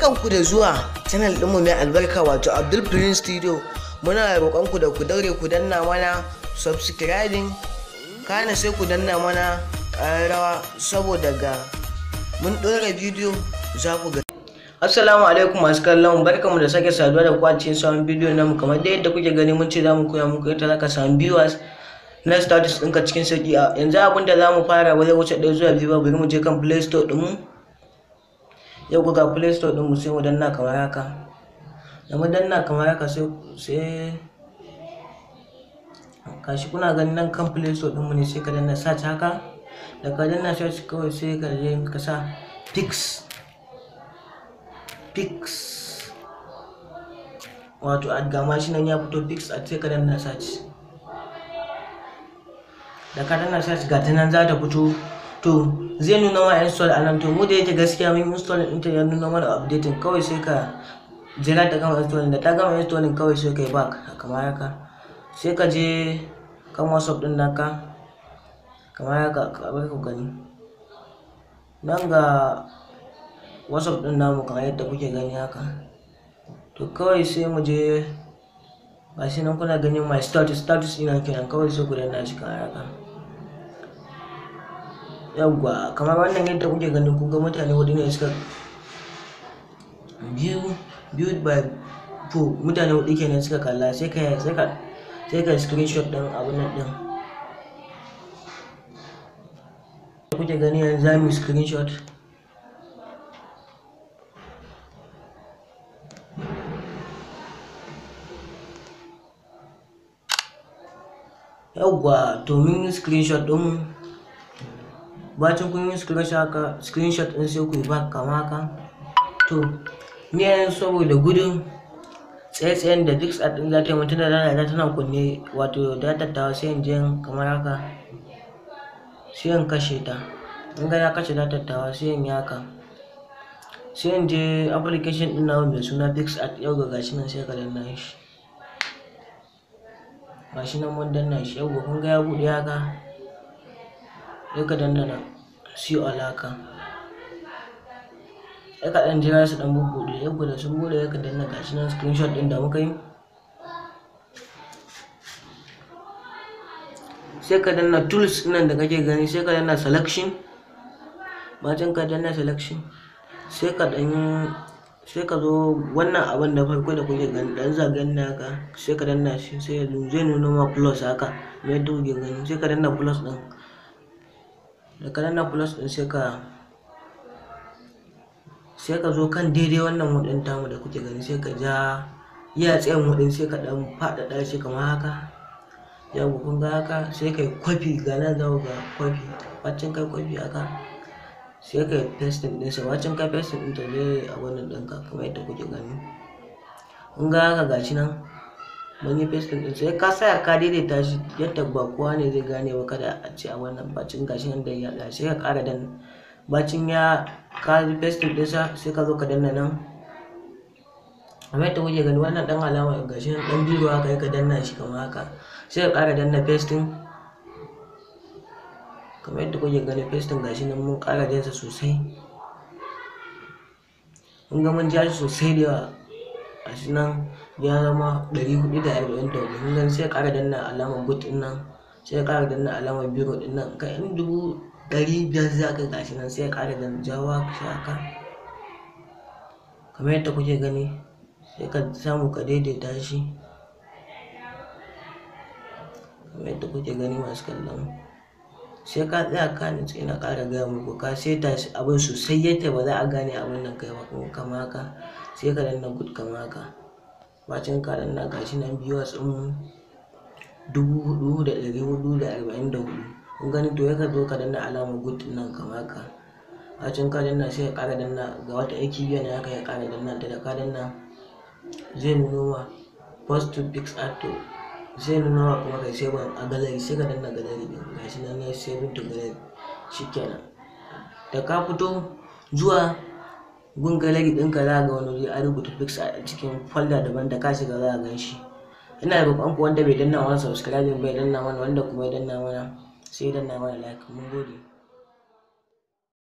ku da zuwa channel mu mai albarka wato abdul prince studio muna ku da ku daure ku danna mana subscribing kana sai ku danna mana rawa saboda ga mun ɗora bidiyo za ku ga assalamu alaikum masu kallon barkanmu da sake saduwa da cikin samun bidiyo namu kamar dai yadda kuke gani mun ce za mu koya muku yadda za ka samu viewers na status ɗinka cikin sauƙi yanzu abinda za mu fara wajen wuce ɗaya zuwa biyu ba bari mu je kan play store ɗinmu yau ga play store ɗin mu sai mu danna kamar haka da mu danna kamar haka sai kashi kuna ganin nan kan play store ɗin mu ne sai ka danna search haka da ka danna search kawai sai ka je ka sa pix pix wato gama shi nan ya fito pix a sai ka danna search da ka danna search ga ta nan za ta fito to zai nuna ma install anan to mu da yake gaskiya mun install din ta ya nuna mana updating kawai sai ka jira ta gama installing da ta gama installing kawai sai kai back kamar haka sai ka je kan whatsapp din naka kamar haka kamar ku gani nan ga whatsapp din namu kamar yadda kuke gani haka to kawai sai mu je shi nan kuna ganin my status status ina kenan kawai sai ku danna shi kamar haka yawwa kamar wannan yadda kuke ganin kuka mutane hudu ne suka biyu biyu by four mutane hudu kenan suka kalla sai ka sai ka sai ka screenshot din abun nan din kuke gani yanzu za mu screenshot yawwa to mun screenshot din bacin kun yi screenshot ɗin sai ku yi back kama haka to ni yanzu saboda gudun tsaye da duk ɗin za ta yi mutum da rana tana kunne wato da ta sai in kamar haka sai in kashe ta in ga ya kashe da tattawa sai in yaka sai in je application din na mai suna at yau ga gashi nan sai ka danna shi gashi nan mun danna shi yau ga kun ga ya buɗe haka sai ka danna nan su yi alaka ya kaɗan jira su ɗan bubbuɗe ya da sun bude ya ka danna gashi nan screenshot ɗin da muka yi sai ka danna tools nan da kake gani sai ka danna selection bacin ka danna selection sai ka ɗan sai ka zo wannan abin da farko da kuke gani dan zagen na haka sai ka danna shi sai ya zai nuna ma plus haka mai yadda gani sai ka danna plus ɗin daga nan na plus din sai ka sai ka zo kan daidai wannan hudun tamu da kuke gani sai ka ja iya tsayin hudun sai ka dan faɗaɗa shi kamar haka ya kun ga haka sai kai kwafi ga nan za ga kwafi bacin kai kwafi haka sai kai pasting ɗinsa bacin kai pasting din ta zai a wannan ɗinka kamar yadda kuke gani kun ga haka gashi nan mun yi facing din sai ka saya ka ta shi yadda ba kowa ne zai gane ba kada a ce a wannan bacin gashi nan da ya gashi sai ka ƙara dan bacin ya ka facing din sa sai ka zo ka danna nan amma yadda kuke gani wannan dan alama gashi nan dan biro haka ka danna shi kamar haka sai ka ƙara danna pasting kamar yadda kuke gani pasting gashi nan mun ƙara jinsa sosai mun ga mun ja shi sosai da yawa a shi nan ya zama 444 nan sai ƙara danna alamar boot din nan sai ƙara danna alamar biro din nan ka in dubu ɗari biyar za ka gashi nan sai ƙara danna jawa ka haka kamar yadda kuke gani sai ka samu ka daidaita shi kamar yadda kuke gani masu kallon sai ka tsaya ka nutsu na ƙara gaya muku ka ta abin sosai yadda ba za a gane abin nan kai ba kuma kama haka sai ka danna gud kama haka bacin ka danna shi nan viewers ɗin dubu huɗu da ɗari huɗu da arba'in da huɗu kun gani to ya ka zo ka danna alamar gud ɗin nan kama haka bacin ka danna sai ka ƙara danna ga wata aiki biyu na haka ya ƙara danna ta da ka danna zai nuna ma post to fix app sai nuna kuma kai sai ban a galeri sai ka danna galeri ga shi nan ya sai mutu galeri kenan da ka fito zuwa gun galeri ɗinka za ga wani a rubuta fix a cikin folda daban da ka shiga za a gan shi ina roƙon ku wanda bai danna wani subscribing bai danna mana wanda kuma ya danna mana sai danna mana like mun gode